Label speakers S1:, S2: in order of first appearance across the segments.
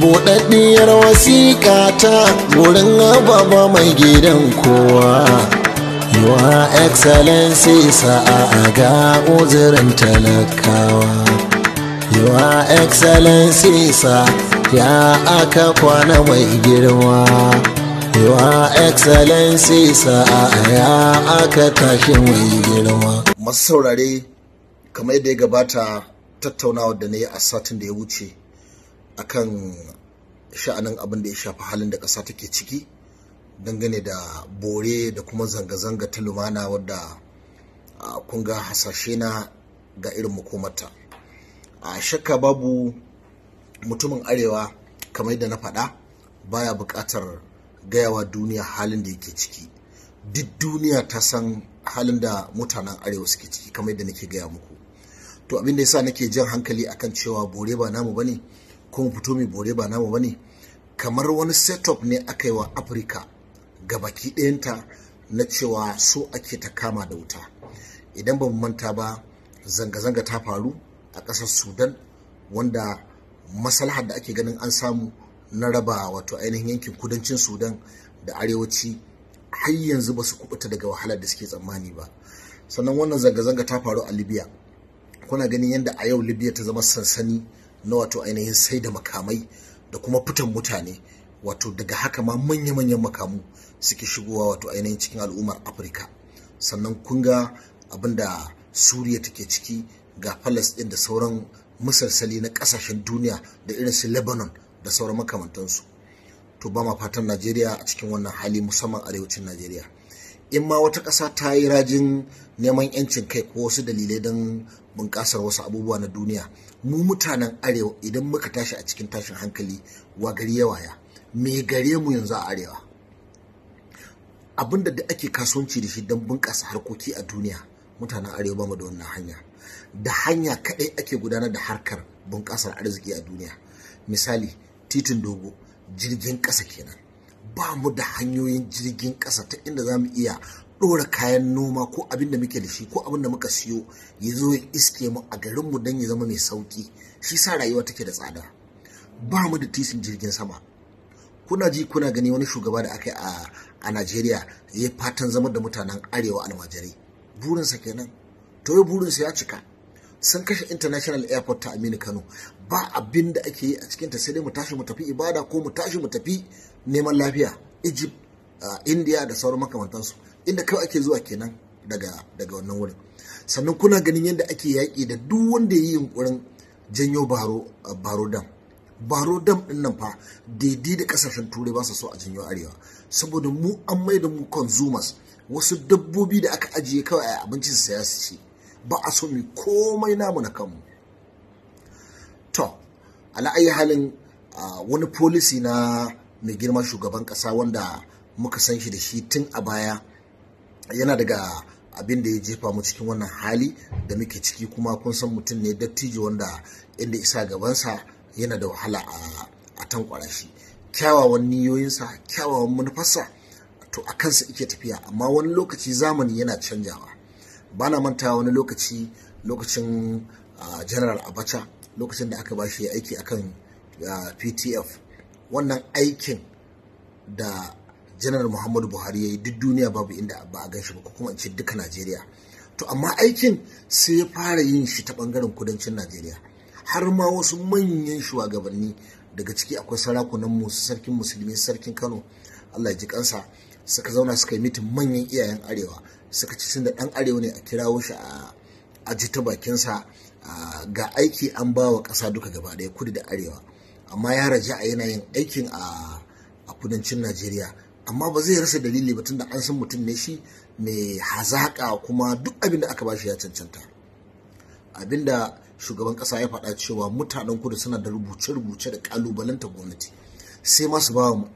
S1: buɗaɗɗiyar wasiƙa ta wurin ababa mai gidan kowa yiwa excellency sa'a ga uzurin talakawa yiwa excellency sa ya aka kwana mai girma yiwa excellency sa'a ya aka tashi mai girma masu saurare kamar yadda ya gabata tattaunawar da na yi a satin da ya wuce akan sha'anin abin da ya shafi halin da ƙasa take ciki dangane da bore da kuma zanga-zanga ta lumana wadda kun ga hasashe na ga irin makomarta a shakka babu mutumin arewa kamar da na faɗa baya buƙatar gayawa duniya halin da yake ciki duk duniya ta san halin da mutanen arewa suke ciki kamar da nake gaya muku to abin da yasa nake jan hankali akan cewa bore ba namu bane ne ko mu fito mai bore ba namu bane kamar wani setup ne aka yi wa afirka gabaki ɗayanta na cewa so ake ta kama da wuta idan ba manta ba zanga-zanga ta faru a ƙasar sudan wanda masalahar da ake ganin an samu na raba wato ainihin yankin kudancin sudan da arewaci har yanzu ba su kubuta daga wahalar da suke tsammani ba sannan wannan zanga-zanga ta faru a libya kuna ganin yadda a yau libya ta zama sansani na wato ainihin sai da makamai da kuma fitan mutane wato daga haka ma manya-manyan makamu suke shigowa wato ainihin cikin al'ummar afirka sannan kun ga abinda suriya take ciki ga ɗin da sauran misalsali na ƙasashen duniya da irin su lebanon da sauran makamantansu to ba ma fatan najeriya a cikin wannan hali musamman arewacin najeriya in ma wata ƙasa ta yi rajin neman yancin kai ko wasu dalilai don bunƙasar wasu abubuwa na duniya mu mutanen arewa idan muka tashi a cikin tashin hankali wa gari ya waya me gare mu yanzu a arewa abinda da ake kasuwanci da shi don bunƙasa harkoki a duniya mutanen arewa ba mu da wannan hanya da hanya kaɗai ake gudanar da harkar bunƙasar arziki a duniya misali titin dogo jirgin ƙasa kenan ba mu da hanyoyin jirgin ƙasa ta inda za mu iya ɗora kayan noma ko abin da muke da shi ko abin da muka siyo ya zo ya iske mu a garinmu don ya zama mai sauƙi shi sa rayuwa take da tsada ba mu da tisin jirgin sama kuna ji kuna gani wani shugaba da aka yi a najeriya ya fatan zama da mutanen arewa almajirai burinsa kenan to ya burinsa ya cika sun kashe international airport ta aminu kano ba abin da ake yi a cikinta sai dai mu tashi mu tafi ibada ko mu tashi mu tafi neman lafiya egypt uh, india da sauran makamantansu inda kawai ake zuwa kenan daga daga wannan wurin sannan kuna ganin yadda ake yaƙi da duk wanda ya yi yunkurin janyo baro uh, baro dam baro dam din nan fa daidai da kasashen turai ba su so a janyo arewa saboda mu an mai da mu consumers wasu dabbobi da aka ajiye kawai a abinci su saya su ce ba a so mi komai namu na kanmu to ala ayi halin wani policy na mai girma shugaban kasa wanda muka san shi da shi tun a baya yana daga abin da ya jefa mu cikin wannan hali da muke ciki kuma kun san mutum ne dattijo wanda inda isa gabansa yana da wahala a tankwara shi kyawawan niyoyinsa kyawawan manufarsa to a kansa ike tafiya amma wani lokaci zamani yana canjawa ba na manta wani lokaci lokacin general abacha lokacin da aka ba shi aiki akan ptf wannan aikin da janaral muhammadu buhari ya yi duk duniya babu inda ba a ganshi ba ko kuma in ce duka najeriya to amma aikin sai ya fara yin shi ta bangaren kudancin najeriya har ma wasu manyan shugabanni daga ciki akwai sarakunan musu sarkin musulmi sarkin kano allah ji kansa suka zauna suka yi mitin manyan iyayen arewa suka ci da ɗan arewa ne a kirawo shi a aji ta bakinsa ga aiki an ba wa ƙasa duka gaba ɗaya kudu da arewa amma ya raja a yanayin aikin a kudancin najeriya amma ba zai rasa dalili ba tun da an san mutum ne shi mai hazaƙa kuma duk abin da aka ba shi ya cancanta abinda shugaban ƙasa ya faɗa cewa mutanen kudu suna da rubuce-rubuce da ƙalubalanta gwamnati sai ma su ba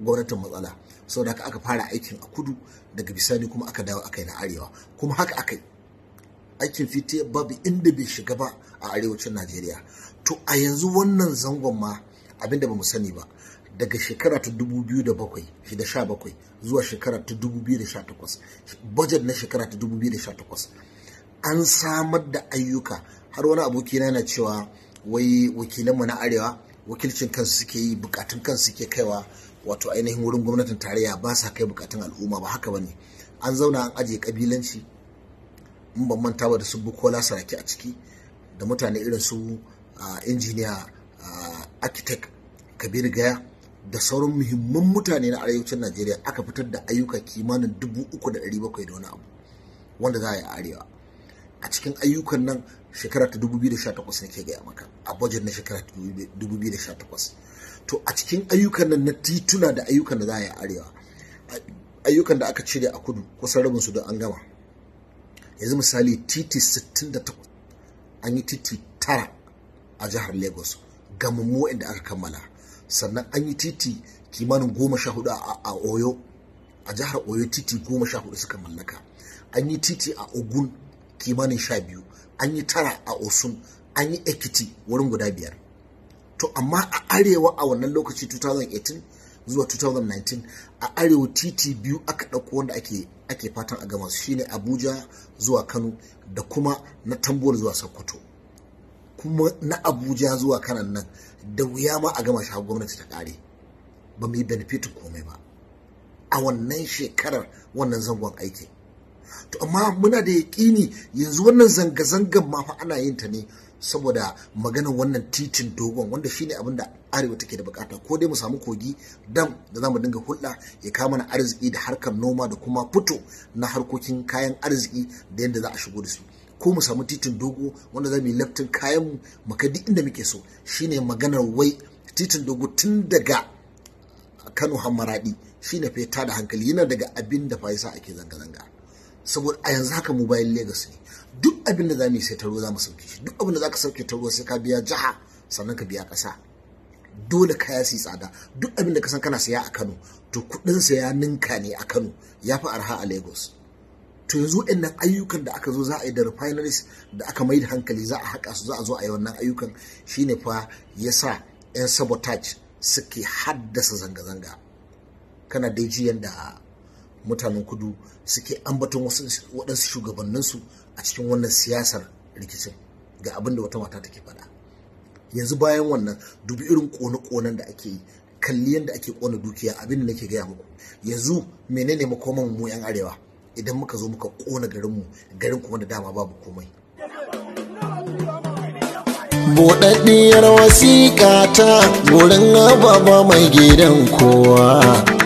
S1: gwamnatin matsala sau da aka fara aikin a kudu daga bisani kuma aka dawo aka yi na arewa kuma haka aka yi aikin fiti babu inda bai shiga ba a arewacin najeriya to a yanzu wannan zangon ma abinda ba mu sani ba daga shekara ta 2017 zuwa shekara ta 2018 budget na shekara ta 2018 an samar da ayyuka har wani abokina na cewa wai wakilanmu na arewa wakilcin kansu suke yi bukatun kansu suke kaiwa wato ainihin wurin gwamnatin tarayya ba sa kai bukatun al'umma ba haka bane an zauna an ajiye kabilanci in ban manta ba da su bukola saraki a ciki da mutane irin su injiniya architect kabir gaya da sauran muhimman mutane na arewacin najeriya aka fitar da ayyuka kimanin dubu uku da ɗari bakwai da wani abu wanda za a yi a arewa a cikin ayyukan nan shekara ta 2018 nake gaya maka a budget na shekara ta takwas. to a cikin ayyukan nan na tituna da ayyukan da za a yi arewa ayyukan da aka cire a kudu kusan rabin su da an gama yanzu misali titi 68 an yi titi tara a jihar lagos ga gamammu inda aka kammala sannan an yi titi kimanin goma sha hudu a oyo a jihar oyo titi goma sha hudu suka mallaka an yi titi a ogun kimanin sha biyu an yi tara a osun an yi ekiti wurin guda biyar to amma a arewa a wannan lokaci 2018 zuwa 2019 a arewa titi biyu aka ɗauko wanda ake ake fatan a gama shine abuja zuwa kano da kuma na tambuwar zuwa sokoto kuma na abuja zuwa kanan nan da wuya ma a gama shi gwamnati ta ƙare ba mu yi benefitin komai ba a wannan shekarar wannan zangon aiki to amma muna da yaƙini yanzu wannan zanga-zangan ma fa ana yin ta ne saboda maganar wannan titin dogon wanda shine abin da arewa take da bukata ko dai mu samu kogi dam da zamu dinga hulɗa ya kama na arziki da harkar noma da kuma fito na harkokin kayan arziki da yadda za a shigo da su ko mu samu titin dogo wanda za mu yi laftin kayan mu mu duk inda muke so shine maganar wai titin dogo tun daga Kano shi ne feta da hankali yana daga abin da fa ake zanga-zanga saboda a yanzu haka mobile Lagos ne duk abin da za mu yi sai taro za mu sauke shi duk abin da za ka sauke ta sai ka biya jiha sannan ka biya ƙasa dole ka su tsada duk abin da ka san kana saya a Kano to kuɗin ya ninka ne a Kano ya fi arha a Lagos to yanzu waɗannan ayyukan da aka zo za a yi da refineries da aka mai da hankali za a haƙa su za a zo a yi wannan ayyukan shine fa ya sa 'yan sabotage suke haddasa zanga-zanga kana dai ji yadda mutanen kudu suke ambaton waɗansu shugabanninsu a cikin wannan siyasar rikicin ga abin da wata mata take faɗa yanzu bayan wannan dubi irin kone-konen da ake yi kalli yadda ake kona dukiya abin da nake gaya muku yanzu menene makoman mu yan arewa idan muka zo muka kona garinmu garin kuma da dama babu komai buɗaɗɗiyar wasiƙa ta gurin ababa mai gidan kowa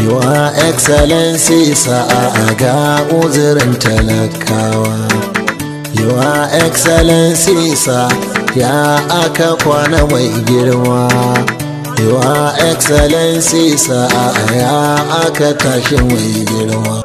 S1: yiwa excellency sa'a ga uzurin talakawa yuwa excellency sa ya aka kwana mai girma yuwa excellency sa'a ya aka tashi mai girma